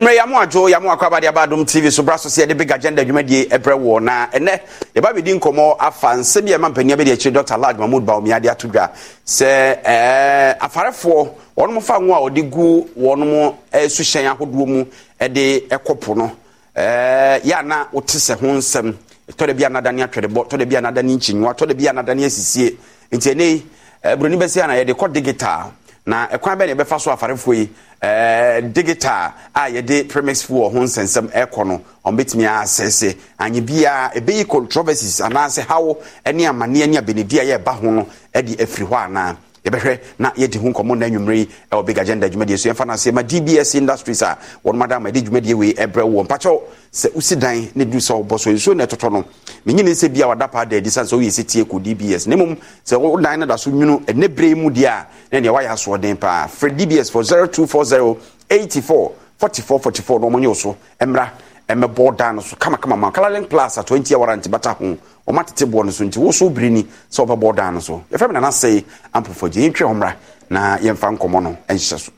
mmerɛ yɛamo adwo yamu akɔ abade aba tv so bra so yɛde big agenda adwumadie ɛbrɛ wɔ na ɛnɛ yɛba bɛdi nkɔmmɔ afa nsɛ bi a ɛma mpania bɛde akyiri dr lad mahmod baomiade ato dwa sɛ eh, afarefoɔ wɔnom fa ngo a ɔde gu wɔnom eh, suhyɛn ahodoɔ mu ɛde eh, ɛkɔpo no yɛ ana wote sɛ ho nsɛm tɔda bi anadane atwerɛbɔ tɔda bi anadane nkyinwa tɔda bi anadane asisie nti ɛnɛ buroni bɛsɛ ana yɛde kɔ digital na ɛkwan bɛɛ ne ɛbɛfa so afarefoɔ yi ɛɛ digital a yɛde premix foɔ ho nsɛnsɛm ɛkɔ no wɔn bɛtumi asɛsɛ anyi biara ɛbɛyi controversies anaasɛ hawo ɛne amaneɛ ne abenedi a yɛɛba ho no ɛde afiri hɔ anaa yɛbɛhwɛ na yɛdi ho nkɔmmɔ na anwummerɛ yi ɛwɔ big agenda dwumadie so yɛmfa no aseɛ ma dbs industries a wɔnom ada ma yɛde dwumadie wei ɛbrɛ wɔ mpakyɛw sɛ wosi dan ne du sɛ wobɔ so nsuo na ɛtotɔ no menyini sɛ bia wada paa da adi sane sɛ woyɛ sɛtie kɔ dbs na mmom sɛ wo dan no da so nwunu ɛnɛ berɛ yi mu deɛ a na neɛ woayɛ asoɔden paa frɛ dbs for 0240 84 4444 na ɔmɔnyɛ wo so ɛmmra ɛmɛbɔ dan no so kamakama ma colouring plus a twenty hour nti bata ho ɔma tete boɔ no so nti woso biri ni sɛ ɔbɛbɔ dan no so yɛfɛ mi nana se, ampofo gye yɛntwɛ hɔ mmra na yɛmfa nkɔmmɔ no ɛnhyɛ so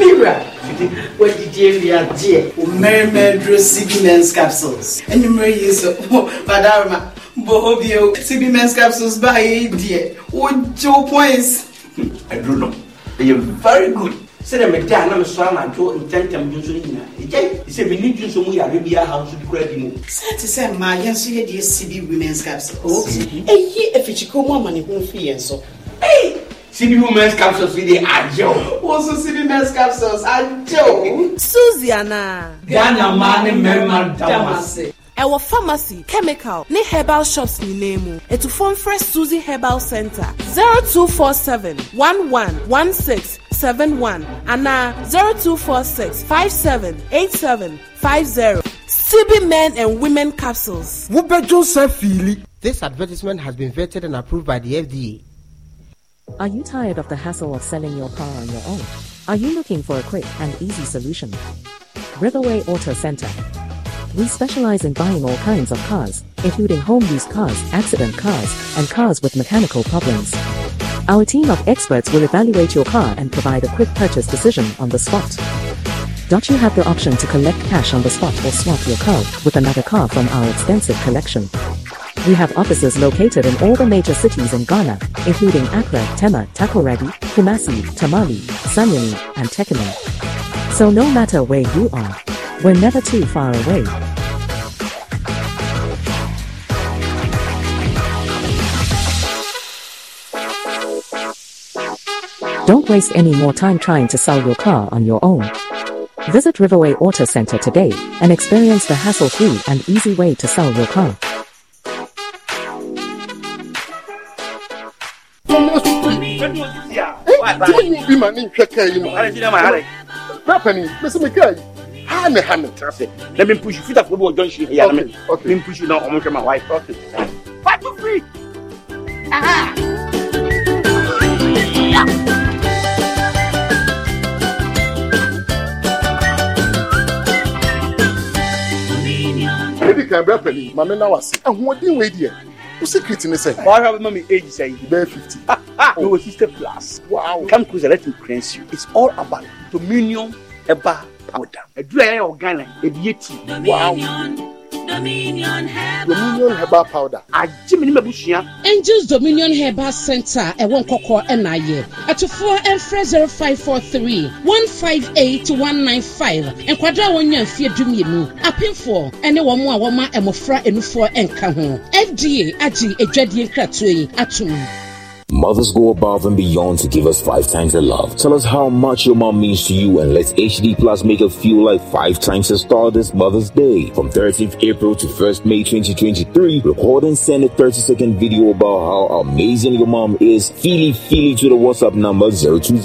Mira, what did you hear, dear? Merry, merry, sickness capsules. And you may use, Madame. Bobio, e ti bí men's capsules báyìí díẹ̀, ó jó points. do know. You're very good. Sẹ́dẹ̀ mi dá àná mi sọ àmà tó ntẹ̀ntẹ̀m ju nso nyina. Ìjẹ́ ìṣe mi ní ju nso mu yàrá bi aha nso kura bi mu. Sẹ́ẹ̀tì sẹ́ mmaa yẹn nso yẹ di esi bi women's capsules. Èyí efikyikọ́ mu àmà ne ho fi yẹn so. CB Women's Capsules yi de ajẹ́ o. Wọ́n sún CB Men's Capsules ajẹ́ o. Suzy Anna. Ghana maa ni mẹ́rin máa dá wá ɛwɔ pharmacy chemical ne herbal shops nyinaa mu etufoɔ mfrɛ suzy herbal center zero two four seven one one one six seven one Ana zero two four six five seven eight seven five zero. CB men and women capsules. This advertisement has been vetted and approved by the FDA. Are you tired of the hassle of selling your car on your own? Are you looking for a quick and easy solution? Riverway Auto Center we specialize in buying all kinds of cars, including home use cars, accident cars, and cars with mechanical problems. Our team of experts will evaluate your car and provide a quick purchase decision on the spot. Don't you have the option to collect cash on the spot or swap your car with another car from our extensive collection? We have offices located in all the major cities in Ghana, including Accra, Tema, Takoradi, Kumasi, Tamale, Sanyani, and Tekene. So no matter where you are, we're never too far away. waste any more time trying to sell your car on your own. Visit Riverway Auto Center today and experience the hassle-free and easy way to sell your car. Let me push you. Fit up football here. Let me push you now. I'm going my wife. Okay. to Aha. edi kan brɛ pɛni maame na wase ahoɔden wei deɛ o secret ni sɛ. ɔhwɛ bɛ ma mi age sɛ yi. bɛɛ fifty. no o oh. sister plus. wow come closer let me cleanse you it's all about dominion ɛba powder. adura yɛn yɛ ɔgana ebi yɛ ti. wow. Dominion Herbal, Dominion Herbal Powder. Agye me ni mabusua. Angels Dominion Herbal Center ɛwɔ nkɔkɔ ɛna ayɛ. Ɛtofoɔ ɛmfrɛ zero five four three one five eight one nine five. Nkwadaa a wɔnya mfie dumienu. Apemfoɔ ɛne wɔn a wɔma mmɔfra enufoɔ ɛnka ho. FDA agye adwadie nkratoɔ yi ato mu. Mothers go above and beyond to give us five times the love. Tell us how much your mom means to you and let's HD Plus make her feel like five times the star this Mother's Day. From 13th April to 1st May 2023, record and send a 30 second video about how amazing your mom is. Feely feely to the WhatsApp number 020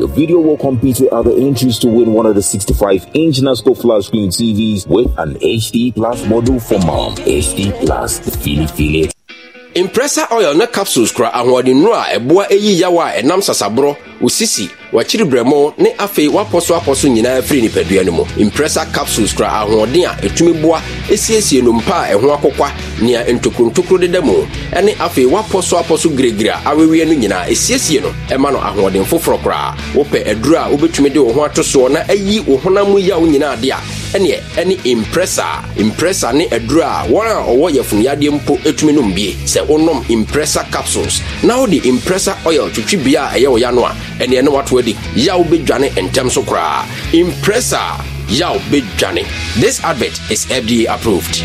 Your video will compete with other entries to win one of the 65 inch NASCO flat screen TVs with an HD Plus module for mom. HD Plus, the Feely Feely impressor oil ne capsules kura ahoɔdennuro a ɛboa ɛyi yawa a ɛnam sasaborɔ osisi wakyiri brɛmɔ ne afei wapɔ so apɔ so nyinaa firi nipadua no mu impressor capsules kora ahoɔden a ɛtumi boa esiesie no a ɛho akɔkwa nea ntokrontokro deda mu ɛne afei wapɔ so giregire a no nyinaa esiesie no ɛma no ahoɔden foforɔ koraa wopɛ aduro a wobɛtumi de wo ho ato soɔ na ayi wo honam yaw nyinaa de a ɛneɛ ɛne impressor impressor ne aduro a wɔn a ɔwɔ yɛfunuyadeɛ mpo etumi nom bie sɛ wonom impressor capsules na wode impressor oil twitwi bea a ɛyɛ wo ya no a ɛneɛ ne watoa body yaw bedwane ntɛm so koraa impressor yaw bedwane this advert is fda approved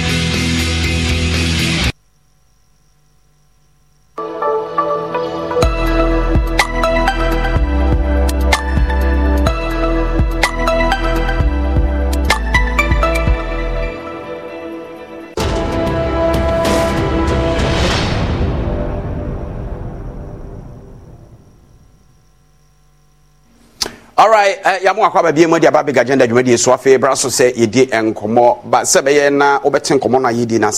Yamu akwa ababie mu de aba big agenda dwumadi so afei bra so sɛ yɛdi nkɔmmɔ ba sɛ bɛyɛ na wobɛte nkɔmmɔ na a yɛdi no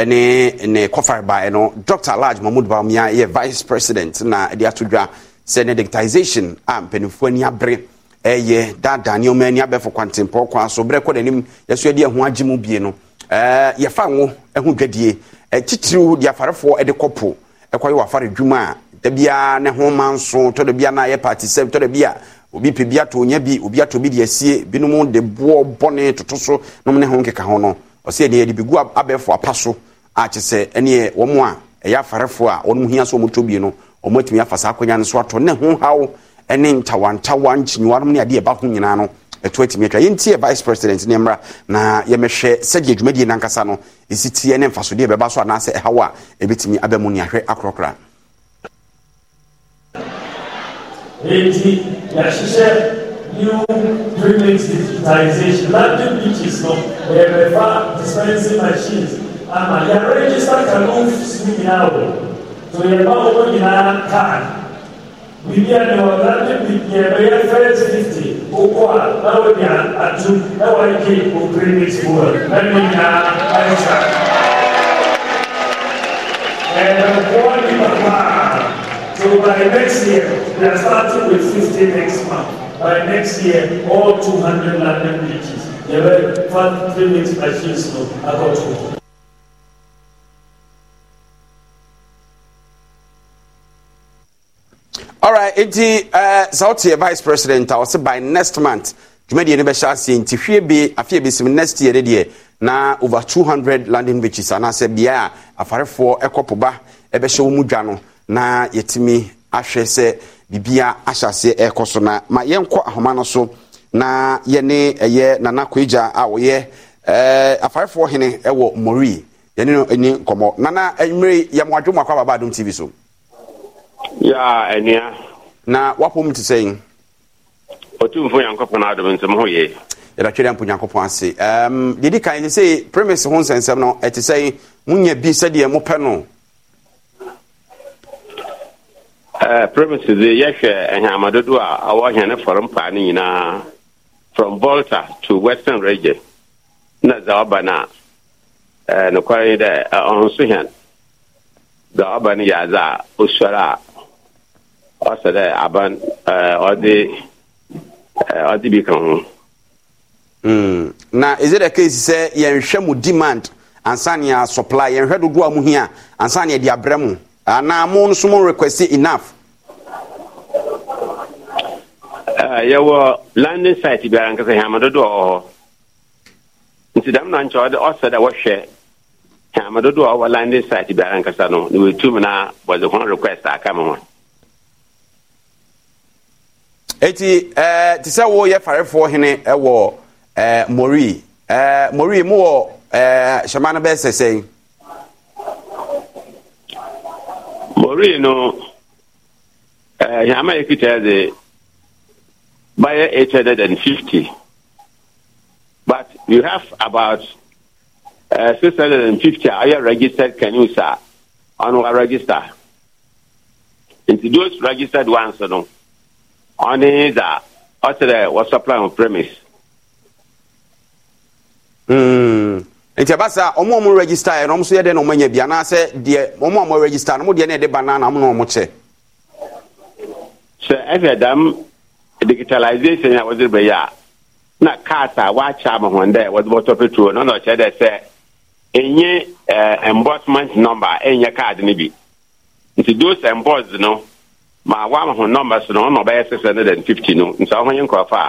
ene ɛne ne kɔfare baeɛ no dr large mahmud baomia yɛ vice president na de ato dwa sɛ ne digitization a mpanimfoɔ ani abere ɛyɛ daadaa nneɛma ani abɛfo kwantempɔ kwan so berɛ kɔ n'anim yɛso yɛde ɛho agye bie no yɛfa ngo ho dwadie e de afarefoɔ de kɔpo ɛkɔyɛ wafare dwuma a da biara ne ho manso nso da biara na yɛ party sɛm tɔ da biara obi pɛ bi ato onya bi obi ato bi de asie binom de boɔ bɔne toto so nom ne ho nkeka ho no ɔsɛ ɛdeɛ yɛde bɛgu abɛɛfo apa so a kye sɛ ɛneɛ wɔn a ɛyɛ afarefoɔ a wɔn hia so wɔn tɔ bie no wɔn atumi afa saa akonnwa no so ato ne ho haw ɛne ntawantawa nkyinyiwa nom ne adeɛ ɛba ho nyinaa no ɛto atumi atwa yɛntie vice president ne mmra na yɛmɛhwɛ sɛdeɛ dwumadie nankasa no ɛsi tie ne mfasodeɛ bɛba so anaasɛ ɛhaw a ɛbɛtumi aba mu ne ahwɛ akorɔkora Eti yahyehyɛ new remix digitalization London beaches no yɛbɛfa dispensing machines ama ah, yɛregister canons nyinaa wɔ so yɛba wɔn nyinaa card biribi a deɛ ɔda ne biribi a ɛbɛyɛ first fifty okɔ a na wɔde ato ɛwɔ ake okiri ne ti wɔ na ne nyinaa ayɛ sa ɛɛ ɛkɔɔ. So by next year, we are starting with 50 next month. By next year, all 200 London beaches. There were fun three weeks machines, so I got to. alright nti sɛ uh, wote yɛ vice president a ɔse by next month dwumadie no bɛhyɛ aseɛ nti hwie bi afei uh, bɛsim next year no na over 200 landing beaches anaasɛ bea a afarefoɔ ɛkɔpo ba ɛbɛhyɛ wɔ mu dwa no na yɛtumi ahwɛ sɛ biribia ahyɛaseɛ ɛrekɔ so na ma yɛnkɔ ahoma no so na yɛne ɛyɛ nana koagya a wɔyɛ afarefoɔ hene wɔ mori yɛne no ani nkɔmmɔ nana anwumere yɛmo adwo mu akɔ ababa adom tv so yɛa anua na woapɔ mu te sɛn ɔtumfo nyankopɔn adom nsɛm ho yɛ yɛdatwerɛ mpo nyankopɔn ase deɛdi kan ɛte sɛ premise ho nsɛnsɛm no ɛte sɛ monya bi sɛdeɛ mopɛ no Eh, premises dai yɛhwɛ eh, ahɛama dodoɔ a awɔ hɛne fɔre mpaa no nyinaa from volta to western region na dza ɔba no a nokware ni dɛ ɔno nso hɛn dza ɔba no yɛ adze a osuare a ɔsɛ dɛ aban ɔde ɔde bi ka ho na ɛsɛ dɛ case sɛ yɛnhwɛ mu demand ansanea supply yɛnhwɛ dodo a mu hia ansanea de abrɛ mu anaa mo nso mo request enough. Uh, yɛwɔ landing site biara nkasa hɛma dodoɔ wɔ hɔ nti dɛm na nkyɛ ɔde ɔsɛ dɛ wɔhwɛ hɛma dodoɔ a ɔwɔ landing site biara nkasa no na wɔtum na wɔdze ho request aka ma ho eti ɛɛ eh, te sɛ wɔyɛ farefoɔ hene ɛwɔ eh, ɛɛ eh, mori ɛɛ mori mu wɔ ɛɛ hyɛma no bɛyɛ sɛsɛn. ori no eh yama ekita de and fifty, but you have about eh, six hundred uh, 650 are registered canoes a on our register nti those registered ones no ɔne da ɔkyerɛ wɔ supply on premise mm. nti ɛba saa ɔmo a ɔmo register yɛ no ɔmo nso yɛ dɛ na ɔmo anya bi anaasɛ deɛ ɔmo ɔmo register no ɔmo deɛ na ɛde ba naa na ɔmo na ɔmo kyɛ. sɛ ɛfɛ dam digitalization a wɔde bɛyɛ a na cars a wɔakyɛ ama wɔn dɛ wɔde bɔtɔ petrol na ɔna ɔkyɛ dɛ sɛ enye ɛɛ eh, emborsement number enye card no bi nti those embors no ma wɔama wɔn number so no ɔna ɔbɛyɛ six hundred and fifty no nti ɔmo nye nkɔfo a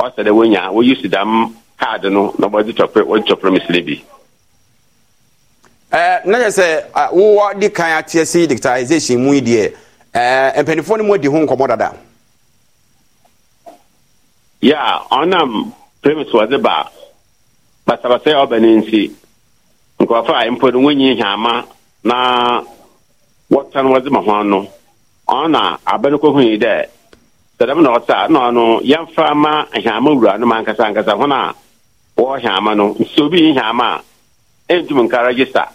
ɔsɛ dɛ wɔnya wɔyi si dam card no na wɔde tɔpɛ bi. na sɛ wowɔ de kan ateɛ si digitalization mu yi deɛ ɛɛ no mu adi ho nkɔmɔ dada. yà ɔnam premise wɔdze ba basabasa ne nsi a mpo no hama na ma ho ɔna yi dɛ sɛdɛm na ɔsa na ɔno yɛmfa ma hama wura no ma wɔɔhwɛ ama no nti sɛ obi nhwɛ ama a ɛntum nka register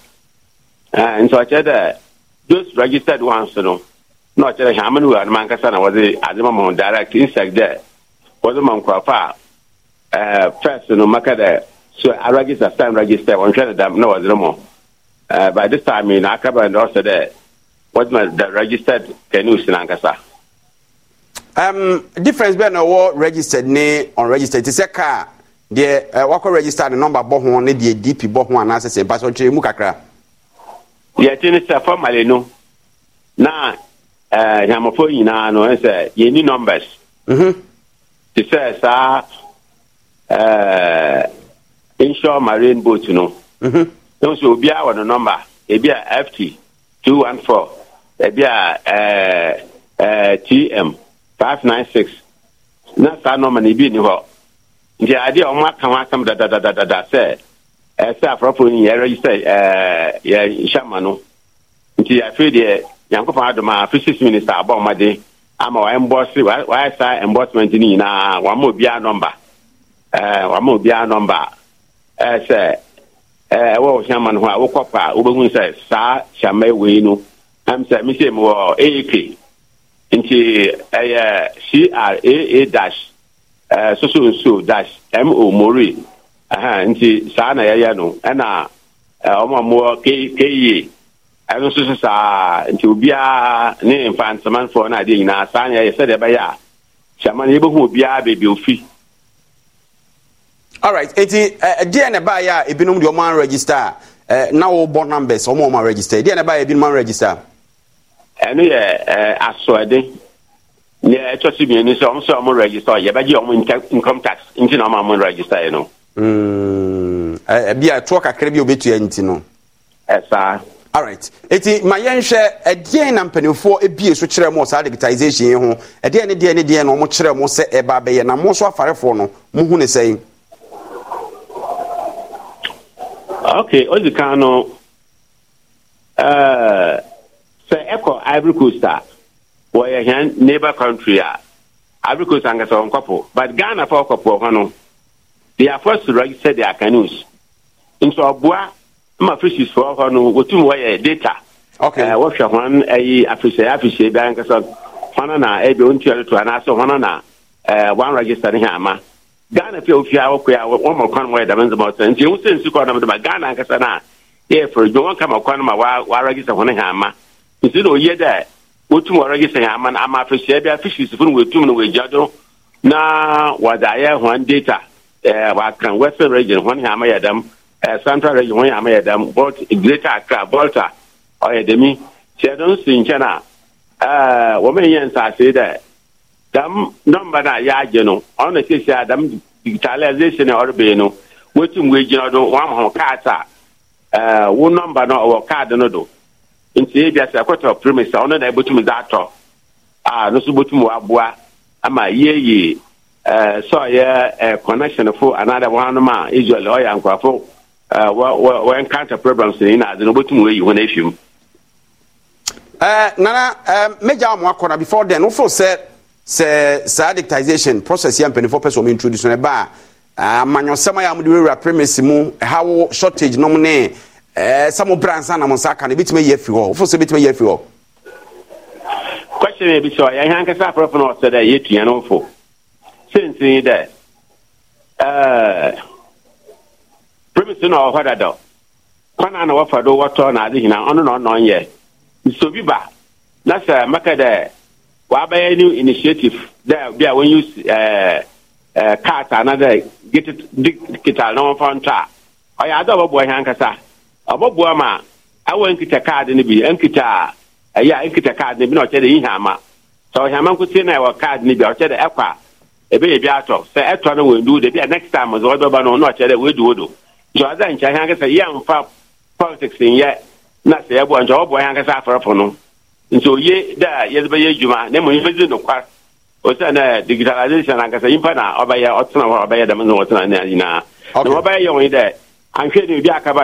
eh, nti ɔkyerɛ dɛ those registered ones no na ɔkyerɛ hwɛ ama no wura no ma ankasa na wɔde ade ma ma ho direct insect dɛ wɔde ma nkurɔfo a eh, first no maka dɛ so a register sign register wɔnhwɛ ne dam na wɔde no mo eh, by this time na aka bɛn dɛ ɔsɛ dɛ wɔde the registered canoes na ankasa um, difference bɛɛ na ɔwɔ registered ne unregistered te sɛ kaa deɛ wakɔ register ne number bɔ ho ne deɛ dp bɔ ho anaasɛ sɛ mpasɛ ɔkyerɛ mu kakra yɛte no sɛ famale no na hwamɔfo nyinaa no sɛ yɛni numbers mhm. te sɛ saa insure marine boat no nso mhm. obiara wɔ no number ebi a ft 214 ebi a tm 596 na saa number no ebi ni hɔ nti adeɛ a ɔmo aka ho asɛm dadadadada sɛ ɛsɛ afɔrɔfo yi yɛrɛ sɛ ɛɛ yɛhyɛ ma no nti afei deɛ nyankopɔn adom a physics minister abɔ ɔmɔden ama wɔayɛ mbɔsi wɔayɛ saa nyinaa wɔama obiara nɔmba ɛɛ wɔama obiara nɔmba ɛɛ sɛ ɛɛ ɛwɔ ma no ho a wokɔ pa wobɛhu sɛ saa no ɛm sɛ mi wɔ aak nti ɛyɛ craa dash Eh, susu nsuo dash mo mori nti saa na yɛyɛ no ɛna eh, ɔma mmoɔ keye ɛno nso so saa nti obiara ne mfantamanfoɔ no adeɛ nyinaa saa na yɛyɛ sɛdeɛ ɛbɛyɛ a hyɛma no yɛbɛhu obiara baabi ofi alright eti eh, deɛ na ɛbaayɛ a ebinom deɛ ɔmo an register a na wɔbɔ numbers ɔmo ɔmo an register deɛ na ɛbaayɛ ebinom an register ɛno yɛ asoɔden nea ɛtɔ so mmienu sɛ ɔmo sɛ ɔmo register yɛbɛgye ɔmo income tax nti na ɔmo ɔmo register yɛ no. Hmm. ebi eh, eh, a ɛtoɔ kakra bi a obetua nti no. ɛsaa. Eh, alright eti ma yɛnhwɛ ɛdeɛn na mpanimfoɔ ebie so kyerɛ mo saa digitization yi ho ɛdeɛn ne deɛn ne deɛn na ɔmo kyerɛ mo sɛ ɛba abɛyɛ na mo nso afarefoɔ no mo hu ne sɛn. okay ozi kan no ɛɛ sɛ ɛkɔ ivory coast a. wɔyɛ hɛn neighbor country a abrikos ankasa wɔn kɔpo but ghana fɔ kɔpo hɔ no they are first to register their canoes nso ɔboa ma fishes fɔ hɔ no wotum wɔyɛ eh, data ɛɛ wɔhwɛ wɔn ɛyi afisɛ afisɛ bi ankasa wɔn na ebi ontua no to anaasɛ na ɛɛ wɔn register ne hɛn ama ghana fi a ofia wɔkɔ a wɔn ma kwan wɔyɛ dɛm nsɛm ɔsɛn nti sɛ nsi kɔ dɛm ghana ankasa na yɛ dwom wɔn kama kwan ma wɔa register hɛn ama nti na oyie dɛ. wotum wɔregister yɛn ama no ama afɛsia bi afishisifo no wɔtum no wɔagya do na wɔde ayɛ hɔn data ɛɛ wakan western region hɔn yɛn ama yɛ dɛm ɛɛ central region hɔn yɛn ama yɛ dɛm bolt greater accra volta ɔyɛ dɛmi kyerɛ do nsi nkyɛn a ɛɛ wɔn yɛ nsaase dɛ dɛm nɔmba no a yɛagye no ɔno na siesie a dɛm digitalization a ɔrebɛn no wotum wɔagyina do wɔn ama wɔn kaata ɛɛ wo nɔmba no ɔwɔ kaadi no do. nti ebi ase akɔtɔ premise a ɔno na ebotumi dza atɔ a no so botumi ama yeye ɛɛ eh, sɛ ɔyɛ ɛɛ eh, connection fo anaadɛ wɔn anum a israel ɔyɛ nkorɔfo ɛɛ eh, wɔ wɔ encounter problems ni na adi na obotumi wɔyi wɔn efi mu. ɛɛ nana ɛɛ mɛgya wɔn akɔnɔ before then wofo sɛ sɛ saa dictization process yɛ mpanyinfoɔ pɛ sɛ wɔn introduce ne ba a amanyɔsɛm ah, a yɛ amudi wura premise mu ɛhawo shortage nom ne. Eh, sɛ mo brɛ ansa nam nsa ka no ɛbɛtumi ayi afi hɔ wofo sɛ ɛbɛtumi ayi afi hɔ kwakyɛn bi sɛ yɛhɛ ankasa aporɔfo no ɔsɛ dɛ yɛtua no mfo sɛnsin dɛ eh, premise na ɔwɔ hɔ kwan kwana na wɔfa do wɔtɔ na ade nyinaa ɔno na ɔnɔ nyɛ nso bi ba na sɛ mɛka dɛ wɔabɛyɛ new initiative dɛ bi a wɔn use ɛɛ anadɛ gita na wɔmfa ntɔ a ɔyɛ ade a ɔbɛbɔ yɛn ankasa ɔbɛboa ma awa nkita kaade ya bi nkita bi na ɔkyerɛ dɛ yihi ama sɛ ɔhɛma nkosi na ɛwɔ kaade no bi a ɔkyerɛ dɛ ɛkɔ a ɛbɛyɛ bi atɔ sɛ ɛtɔ no de bi a next time sɛ ɔbɛba no na ɔkyerɛ dɛ wɔdu wodo nti na sɛ ɛboa ya na mmom yɛbɛdi nokwar digitalization ankasa na dị nyinaa na akaba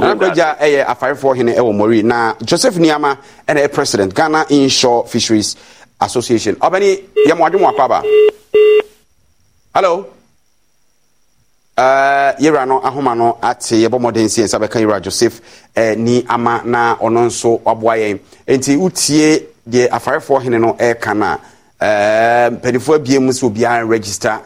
anagya ɛyɛ eh, eh, afarefoɔ hene ɛwɔ eh, mori na joseph nneɛma ɛna ɛ president ghana inshore fisheries association ɔbɛni yɛ mo adwuma apaba hello ɛɛ uh, yɛwura no ahoma no ate yɛbɔ mɔden si nsa bɛka yɛwura joseph ɛɛ eh, na ɔno nso aboa yɛn nti utie deɛ afarefoɔ hene no ɛɛka na ɛɛ mpanimfoɔ abie mu sɛ obiara register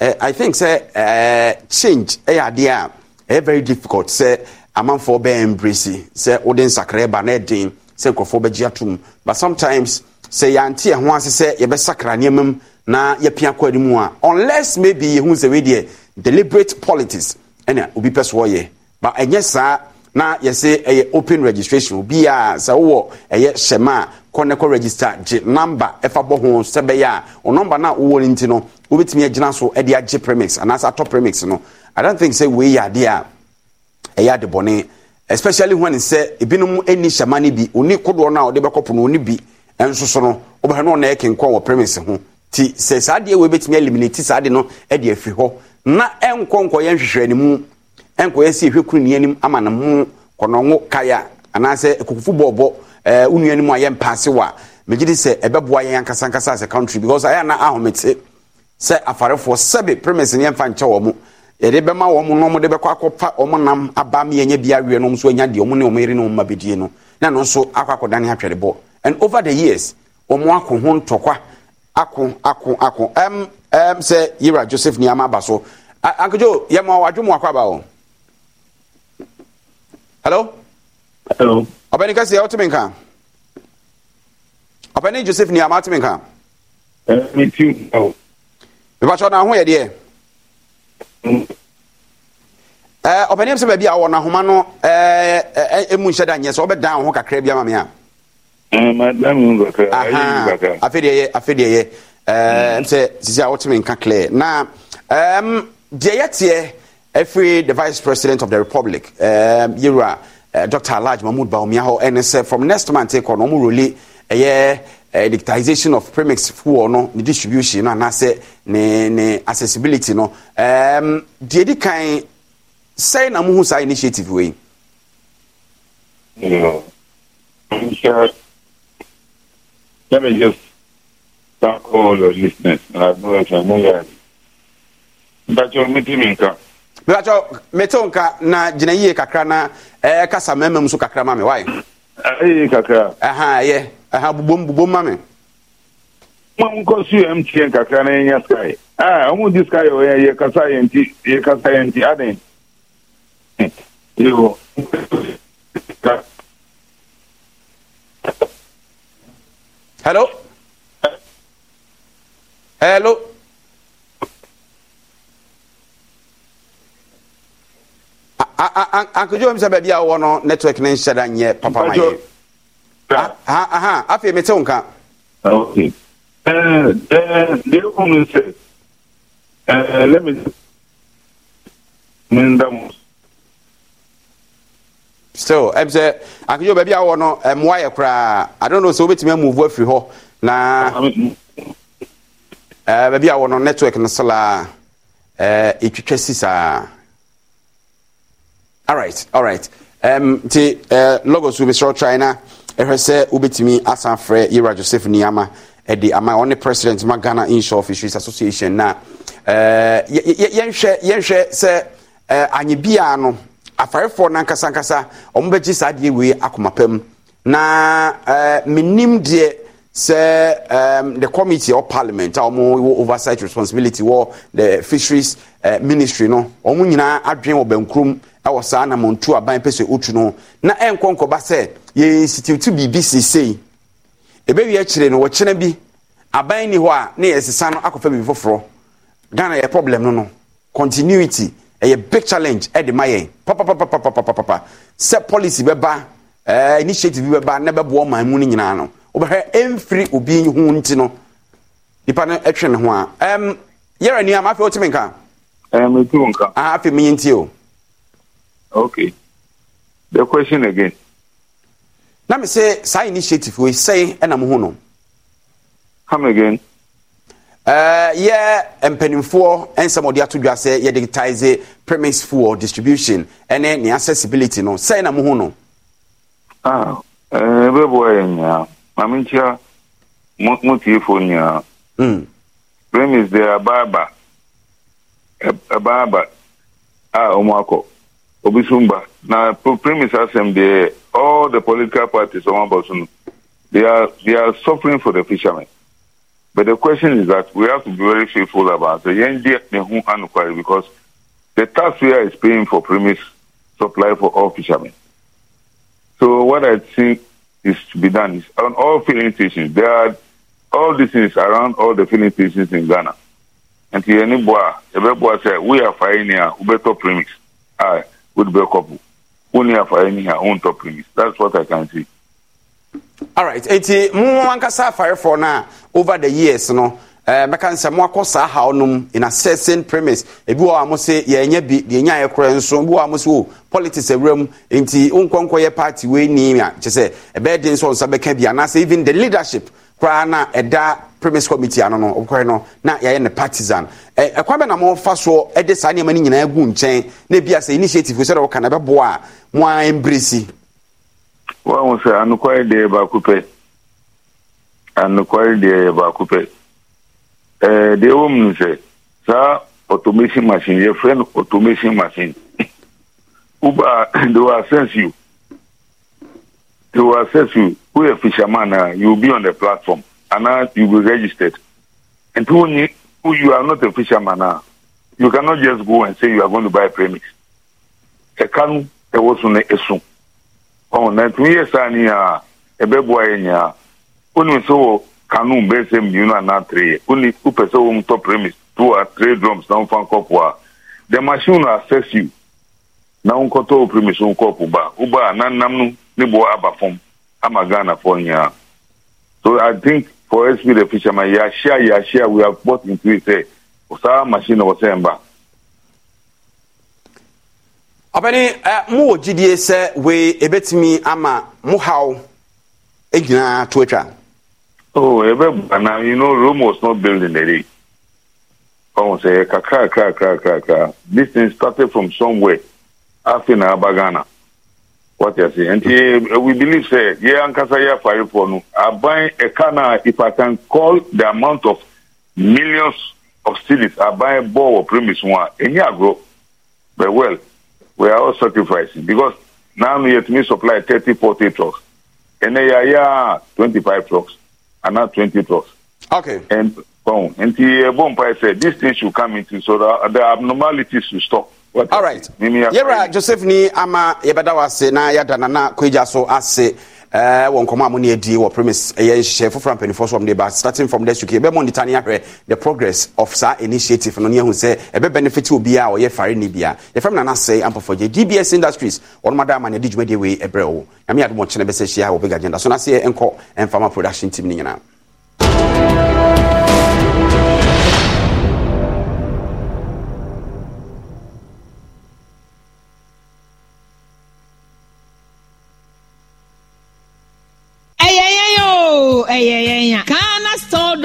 ɛɛ i think sɛ ɛɛ change ɛyɛ adeɛ a ɛyɛ very difficult sɛ amanfoɔ bɛyɛ mbresi sɛ wode nsakra ba na ɛden sɛ nkurɔfoɔ bɛgye atom but sometimes sɛ yɛante ɛho ase sɛ yɛbɛsakra nneɛma mu na yɛpia kɔ anim a unless maybe yɛhu sɛ wei deɛ deliberate politics ɛna obi pɛ so ɔyɛ but ɛnyɛ saa na yɛsɛ ɛyɛ open registration obi a sɛ wowɔ ɛyɛ hyɛma a kɔ kɔ register gye namba ɛfa bɔ ho sɛ bɛyɛ a ɔnɔmba no a wowɔ no nti no wobɛtumi agyina so de agye premix anaasɛ atɔ premix no i don't think sɛ wei yɛ adeɛ a ɛyɛ ade bɔne especially when sɛ ebinom ani hyɛma no bi oni kodoɔ no a ɔde bɛkɔ po no oni bi nso so no wobɛhwɛ no ɔna ɛkenkan wɔ premise ho Ti sɛ saa adeɛ wei bɛtumi eliminate saa ade no de afi hɔ na ɛnkɔ nkɔyɛ nhwehwɛ ne mu ɛnkɔyɛ si ehwɛ kuru nia nim ama ne ho kɔnɔngo kaya anaasɛ ekokofo bɔɔbɔ ɛɛ onua nim a yɛ mpaase wa megye di sɛ ɛbɛboa yɛn ankasa ankasa as a country because ayɛ na ahomete sɛ afarefoɔ sɛbe premise ne yɛmfa nkyɛ wɔn mo yɛde bɛma wɔn na wɔde bɛkɔ nam aba bi awie na nso anya deɛ ne ne na no nso akɔ akɔdane ahwɛre bɔ and over the years wɔn akɔ ho ntɔkwa akụ akɔ akɔ ɛm ɛm sɛ yira joseph ama so mu mu akɔ aba o hello. hello. ɔbɛni nka ɔbɛni joseph ama ɛɛ eh, ɔbɛniam sɛ baabi a ɔwɔ n'ahoma no ɛɛ eh, ɛ emu eh, nhyɛ da nyɛ sɛ ɔbɛdan ɔho kakra bi ama mi a. madan mu kakra ayi mu kakra. afei deɛ yɛ afei deɛ yɛ ɛɛ sɛ mm. sisi a wɔtɛmɛ nka clear na ɛɛm deɛ yɛteɛ ɛfiri the vice president of the republic ɛɛm yewura ɛɛ dr alhaji mahmood bawumia hɔ ɛne sɛ from next month kɔ na ɔmo roli ɛyɛ eh, digitization of premix foɔ no ne distribution no anaasɛ ne ne accessibility no um, deɛ di kan sɛn na muhu saa initiative wei. Yeah. Let me just thank all your listeners. I know if I know you. Mbacho mitimi nka. Mbacho meto nka na gyina yie kakra na eh, kasa mmɛmɛ mu so kakra ma me wae. Ɛyɛ kakra. Ɛhan Yeah ɛha bobom bobom ma me ma nkɔ so yɛ mtn na yɛnya sky a ɔmo di sky ɔyɛ yɛkasa yɛ nti yɛkasa yɛ nti adɛn yɛwɔ hello hello ankojo mi sɛ baabi a wɔwɔ no network ne nhyɛ da nyɛ papa ma yɛ Ah, ah, ah, afei mete wo nka deɛ hunu sɛ lemi menda mu still ɛm sɛ akedwo baabi a wɔ no eh, mmoa yɛ koraa adono sɛ wobɛtumi amuvu afiri hɔ na eh, baabi a wɔ no network no selaa ɛtwitwa eh, si saa alright alright um, nti uh, logos wobɛsrɛ try na ɛhwɛ sɛ wobɛtumi asan frɛ yɛwura joseph nneɛma ɛde ama ɔne president ma ghana inshore fisheries association na yɛnhwɛ yɛnhwɛ sɛ anyebia no afarefoɔ no ankasankasa ɔmo bɛgye saa adeɛ wei akoma pa na menim deɛ sɛ the committee of parliament a wɔn wɔ oversight responsibility wɔ the fisheries uh, ministry no wɔn nyinaa adwene wɔ bɛnkurom ɛwɔ saa anamontu aban pɛ sɛ otu no na ɛnkɔ nkɔba sɛ yɛ institute biribi sesei ɛbɛwie akyire no wɔkyena bi aban ni hɔ a ne yɛsesa no akɔfa biribi foforɔ ghana yɛ problem no no continuity ɛyɛ big challenge ɛde ma yɛn papapapapapapa sɛ policy bɛba ɛɛ initiative bi bɛba na bɛboɔ ɔman mu no nyinaa no wɔbɛhwɛ ɛmfiri obi ho nti no nipa no ɛtwe ne ho a ɛm yɛrɛ nua ma afei wotumi nka. ɛm etu nka. ah afei mi yɛn ti o. okay the question again na me sɛ saa initiative wei sɛe ɛna mo ho no come again uh, yɛ mpanimfoɔ nsɛm ɔde ato dwa sɛ yɛ digitize premise for distribution ɛne ne accessibility no sɛe na mo ho no ɛbɛboa ah, eh, yɛ nyinaa maame nkyia mo tiefo nyinaa hmm. premise de ababa. Ababa. a ah, ɔmo akɔ Obisumba. Now, premise asem the all the political parties of Ambosun, they are they are suffering for the fishermen. But the question is that we have to be very faithful about the Yenji and because the taxpayer is paying for premise supply for all fishermen. So what I think is to be done is on all filling stations, there are all these things around all the filling stations in Ghana. And to any boy, every boy we are fine here, we better premise. All right. Woodbury break up only for any her own top premise that's what i can see all right eti mo ankasa for no over the years no eh, mɛka nsɛ mo akɔ saa haw in a premise ebi wɔ a mo bi deɛ nya yɛ korɛ nso bi wɔ o politics awura e mu nti nkɔnkɔ party we ni ya kyɛ sɛ ɛbɛyɛ den nso nsa bɛka bi even the leadership koraa na ɛda premise committee ano no ɔkɔɛ no na yɛayɛ ne partisan ɛkwan bɛ na mofa soɔ de saa nneɛma no nyinaa gu nkyɛn na ebia sɛ initiative sɛdeɛ wɔka na ɛbɛboa a mo a embresi wɔahu sɛ anokware deɛ yɛ baako pɛ anokware deɛ yɛ baako pɛ ɛɛ deɛ ɛwɔ mu no sɛ saa automation machine yɛfrɛ no automation machine uba they will assess you they will assess you who a fisherman, uh, you'll be on the platform and uh, you'll be registered. And who, who you are not a fisherman, uh, you cannot just go and say you are going to buy a premise. A canoe, a wasun, a sun. Oh, na two years, I a beboy in ya. Only so canoe, base him, you know, not three. Only who person top premise, two or three drums, down from copper. The machine will assess you. Now, uncle told premise, uncle, Uba, Uba, and Namnu, Nibo Abafom. I'm a Ghana for here. So I think for SP the fisherman, yeah, share, yeah, share. We have bought into it. Osa machine was saying back. ɔbɛne eh, mowɔ gyidie sɛ wei ɛbɛtumi ama mo haw nyinaa to atwa oh ɛbɛba na you know rome was not building already ɔhu sɛ kakrakrakrakrakra this thing started from somewhere after na aba What wọ́tí ẹ̀sìn ẹ̀ntì we believe say yẹ ankasa yẹ afarifoɔ no aban ɛka na if i can call the amount of millions of cities aban bɔ wɔ premise ho a ɛnyɛ agro, but well we are all sacrificing because now we yɛ tumi supply thirty forty trucks ɛnɛ eh, yɛ ayɛ twenty five trucks and ana twenty trucks. okay and kɔn ɛnti ɛbɔ mpa ɛsɛ this thing should come into so that the abnormalities should stop all right yɛwura joseph ni ama yɛbɛda wo ase na yɛada nana kwagya so ase uh, eh, wɔ nkɔmmɔ a mo ne adi wɔ premise ɛyɛ from foforɔ for so ɔmde ba starting from this week yɛbɛmɔ nita ne the progress of saa initiative no ne yɛhu sɛ ɛbɛ benefit obiaa ɔyɛ fare ne bia yɛfam nana sɛ ampafɔgye gbs industries ɔnomada ama ne ade dwumadeɛ wei ɛbrɛ wo nyame yɛade mɔkyene bɛsɛ hyia wɔ big agenda so na sɛ yɛ nkɔ farmer production team no nyinaa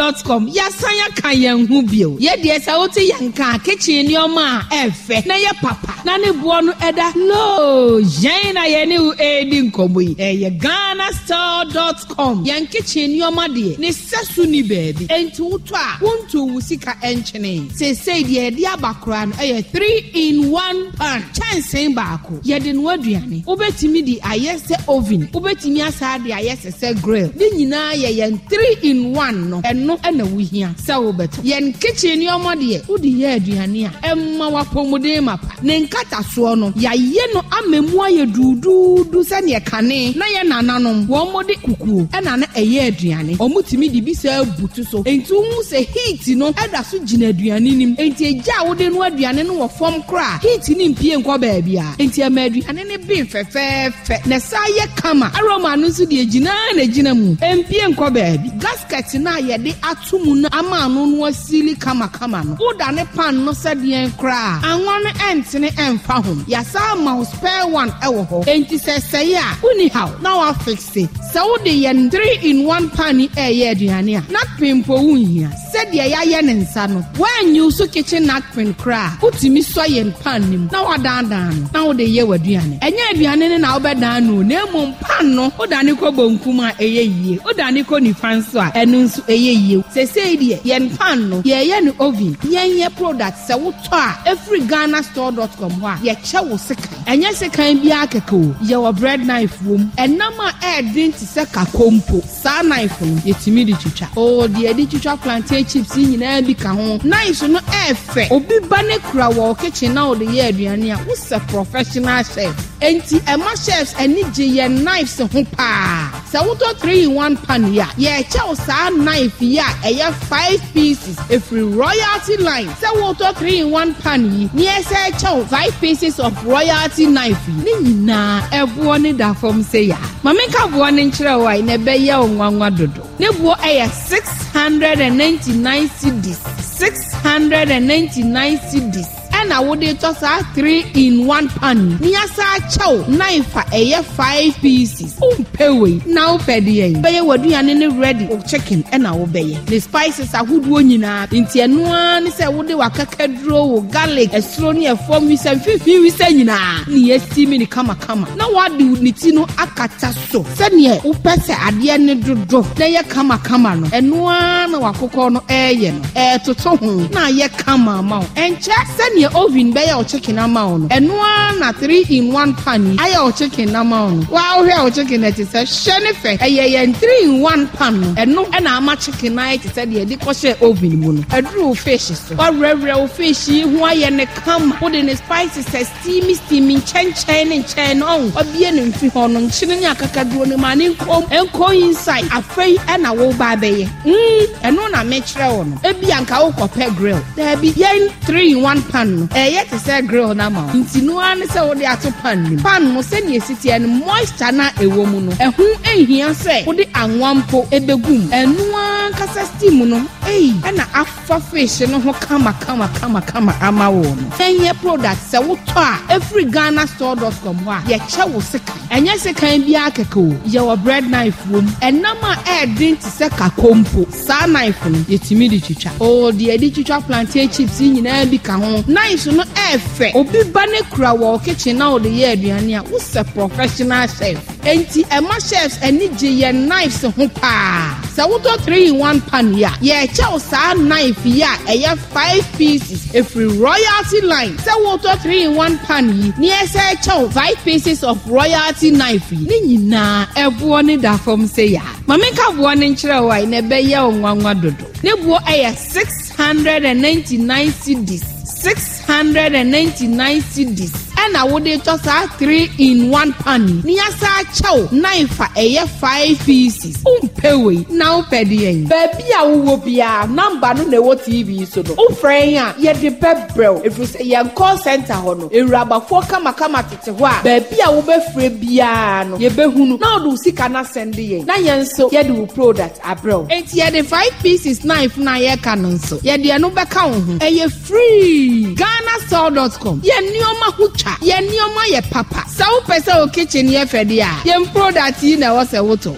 dot com yɛasan aka yɛn ho bio yɛdeɛ sɛ wote yɛn nka kitchen nneɛma a ɛfɛ na yɛ papa na ne boɔ no ɛda loo yɛn na yɛne wo ɛredi nkɔmmɔ yi ɛyɛ ghana store dot com yɛn kitchen nneɛma deɛ ne sɛ so ni baabi ɛnti wotɔ a wontu wo sika ɛnkyene seesei deɛ yɛde aba koraa no ɛyɛ three in one pan kyɛnsee baako yɛde no aduane wobɛtumi de ayɛ sɛ oven wobɛtumi asa de ayɛ sɛ sɛ grill ne nyinaa yɛ yɛn three in one no ɛno no na wohia sɛ wobɛtɔ yɛn kitchen nneɛma deɛ wode yɛ aduane a ɛma wapɔmuden ma pa ne nkatasoɔ no yɛayɛ no ama mu ayɛ duuduudu sɛneɛ kane na yɛ nananom wɔn mo de kukuo ɛna na ɛyɛ aduane wɔn tumi de bi sɛ abutu so nti wohu sɛ heat no ɛda so gyina aduane nim nti egya a wode no aduane no wɔ fam koraa heat ne mpie nkɔ baabi a nti ɛma aduane ne bin fɛfɛɛfɛ na saa yɛ kama aroma no nso deɛ gyinaa na gyina mu mpie nkɔ baabi gasket no a ato mu no ama ano no asili kamakama no woda ne pan no sɛdeɛ koraa anwa ne ɛntene ɛmfa ho yasa ama wo spare one ɛwɔ hɔ enti sɛ sɛe a woni haw na woafikse sɛ wode yɛn 3 in one pan ɛyɛ aduane a napempo wo nhia sɛdeɛ yɛayɛ ne nsa no woanyiw so kitchen napkin koraa wotumi sɔ yɛn pan no mu na woadaadaa no na wode yɛ w'aduane ɛnyɛ aduane no na wobɛdaa no na mmom pan no woda ne kɔ bonkum a ɛyɛ yie woda ne kɔ nifa nso a ɛno nso ɛyɛ yie bio sesei deɛ yɛn pan no yɛyɛ no oven yɛnyɛ product sɛ wotɔ a efiri ghana store dot com hɔ a yɛkyɛ wo sekan ɛnyɛ sekan biara kɛkɛ o yɛwɔ bread knife wɔm ɛnam a ɛɛden te sɛ kakompo saa knife no yɛtumi de twitwa oo deɛ yɛde twitwa plantain chips yi nyinaa bi ka ho knife no ɛɛfɛ obi ba ne kura wɔ kitchen na ɔde yɛ aduane a wosɛ professional chef enti ɛma eh, chefs ani eh, gye yɛ knives ho paa sɛ three in one pan yi a yɛkyɛw saa knife yi a ɛyɛ eh, five pieces efiri royalty line sɛ wotɔ three in one pan yi ni ɛsɛ kyɛw five pieces of royalty knife yi ne nyinaa ɛboɔ ne da fam sɛ ya maame ka boɔ ne nkyerɛ wa yi na ɛbɛyɛ wo nwanwa dodo ne boɔ ɛyɛ six hundred and ninety nine cedis six hundred and ninety nine cedis ɛna wode tɔ saa three in one pan niasa akyɛw naifa ɛyɛ five pieces wompɛ wei na wopɛ deɛ bɛyɛ w'aduane ne ready wo chicken ɛna wobɛyɛ ne spices ahodoɔ nyinaa nti ɛnoa ne sɛ wode wakakaduro wo garlic ɛsoro ne ɛfɔm wisɛ mfimfini wisɛ nyinaa ne yɛsi mi ne kamakama na wade ne ti no akata so sɛneɛ wopɛ sɛ adeɛ ne dodo na yɛ kamakama no ɛnoa na wakokɔ no ɛɛyɛ no ɛɛtoto ho na yɛ kama ma wo ɛnkyɛ sɛneɛ deɛ oven bɛyɛ ɔ chicken ama wo no ɛno ara na three in one pan yi ayɛ ɔ chicken ama wo no wɔahohɛ ɔ chicken na ɛte sɛ hyɛ ne fɛ ɛyɛ yɛn three in one pan no ɛno ɛna ama chicken na ayɛ te sɛ deɛ ɛde kɔhyɛ oven mu no ɛduru fish so wɔawerɛwerɛ wo fish yi ho ayɛ ne kama wode ne spices sɛ steamy steamy nkyɛnkyɛn ne nkyɛn no ɔn ɔbie ne mfi hɔ no nkyene ne akakaduro ne ma ne nkom nko inside afei ɛna wɔba abɛyɛ mm ɛno na mekyerɛ wo no ebi anka wokɔpɛ grill daabi yɛn three in one pan no ɛyɛ te sɛ grill no ama nti no ara ne sɛ wode ato pan nim pan no sɛdeɛ ɛsitiɛ no moisture na a ɛwɔ mu no ɛho nhia sɛ wode anwa mpo ɛbɛgu mu ɛno nkasa steam no ɛna afa fish no ho kamakamakama ama wɔn no ɛnyɛ product sɛ wotɔ a ɛfiri ghana store dot com hɔ a yɛkyɛ wo sekan ɛnyɛ sekan biara kɛkɛ o yɛwɔ bread knife wɔ mu ɛnam a ɛɛden te sɛ kakompo saa knife no yɛtumi de twitwa oo deɛ yɛde twitwa plantain chips nyinaa bi ka ho knife no ɛɛfɛ obi ba ne kura wɔ kitchen na ɔde yɛ aduane a wosɛ professional chef enti ɛma chefs ani gye yɛn knives ho paa sɛ wotɔ three in one pan yɛ a Chow saa knife yi a ɛyɛ five pieces efiri royalty line sɛ wotɔ three in one pan yi ni ɛsɛ Chow five pieces of royalty knife yi ne nyinaa ɛboɔ ne da fam sɛ yaa maame ka boɔ ne nkyerɛ wa yi na ɛbɛyɛ wɔn nwanwa dodo ne boɔ ɛyɛ six hundred and ninety nine cds six hundred and ninety nine cds ɛna na wode tɔ saa three in one pan ni sa akyɛw nine fa ɛyɛ five pieces wompɛ wei na wopɛ deɛ baabi a wowɔ biara namba no na ɛwɔ tv so no wofrɛ yɛn a yɛde bɛbrɛw ɛfiri sɛ yɛn call center hɔ no ewurabafoɔ kamakama tete hɔ a baabi a wobɛfrɛ biara no yɛbɛhunu na ɔde wo sika no asɛn de yɛn na yɛn nso yɛde wo product abrɛw eti yɛde five pieces nine funa yɛka no nso yɛde ɛno bɛka wo ho ɛyɛ free ghana store dot com yɛ nneɛma ho twa yɛn nneɛma yɛ papa sɛ wopɛ sɛ wo kitchen yɛ fɛ deɛ a yɛn product yi na ɛwɔ sɛ woto